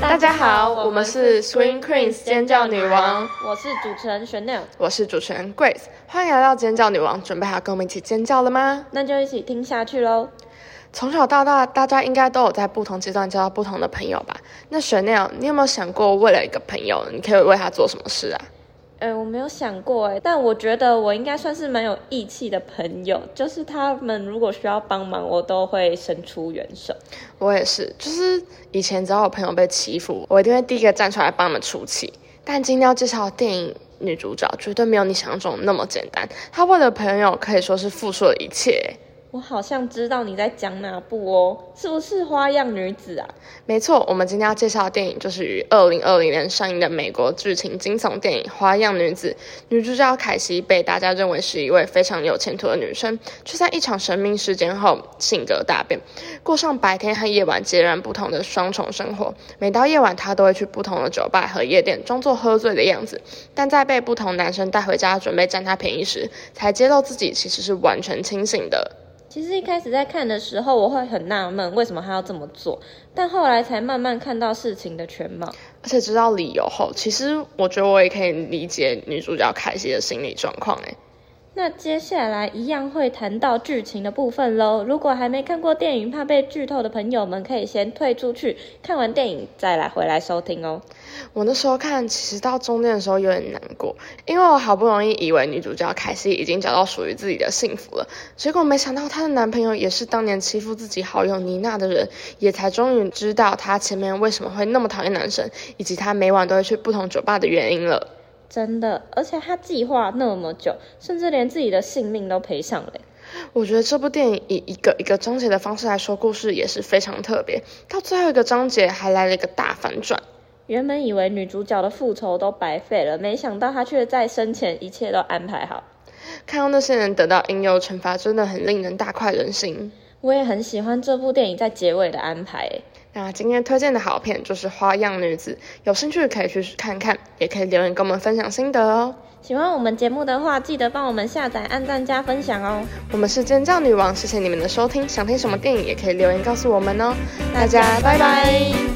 大家，大家好，我們是 Scream Queens 尖叫女王，我是主持人 Chanel，我是主持人 Grace，歡迎來到尖叫女王，準備好跟我們一起尖叫了嗎？那就一起聽下去嘍。從小到大，大家應該都有在不同階段交到不同的朋友吧？那 Chanel，你有沒有想過，為了一個朋友，你可以為他做什麼事啊？哎、欸，我沒有想過、欸、但我覺得我應該算是蠻有義氣的朋友，就是他們如果需要幫忙，我都會伸出援手。我也是，就是以前只要我朋友被欺負，我一定會第一個站出來幫他們出氣。但今天要介紹的電影女主角，絕對沒有你想象中那麼簡單，她為了朋友可以說是付出了一切。我好像知道你在講哪部哦，是不是《花樣女子》啊？沒錯，我們今天要介紹的電影就是於二零二零年上映的美國劇情驚悚電影《花樣女子》。女主角凱西被大家認為是一位非常有前途的女生，卻在一場神秘事件後性格大變，過上白天和夜晚截然不同的雙重生活。每到夜晚，她都會去不同的酒吧和夜店，裝作喝醉的樣子。但在被不同男生帶回家準備占她便宜時，才揭露自己其實是完全清醒的。其實一開始在看的時候，我會很納悶為什麼他要這麼做，但後來才慢慢看到事情的全貌，而且知道理由後，其實我覺得我也可以理解女主角凱西的心理狀況，欸。哎，那接下來一樣會談到劇情的部分嘍。如果還沒看過電影，怕被劇透的朋友們，可以先退出去，看完電影再來回來收聽哦。我那時候看，其實到中間的時候有點難過，因為我好不容易以為女主角凱西已經找到屬於自己的幸福了，結果沒想到她的男朋友也是當年欺負自己好友妮娜的人，也才終於知道她前面為什麼會那麼討厭男生，以及她每晚都會去不同酒吧的原因了。真的，而且她計劃那麼久，甚至連自己的性命都賠上了。我覺得這部電影以一個一個章節的方式來說故事也是非常特別，到最後一個章節還來了一個大反轉。原本以為女主角的復仇都白費了，沒想到她卻在生前一切都安排好。看到那些人得到應有懲罰，真的很令人大快人心。我也很喜歡這部電影在結尾的安排。那今天推薦的好片就是《花樣女子》，有興趣可以去看看，也可以留言跟我們分享心得哦。喜歡我們節目的話，記得幫我們下載、按讚、加分享哦。我們是尖叫女王，謝謝你們的收聽。想聽什麼電影，也可以留言告訴我們哦。大家拜拜。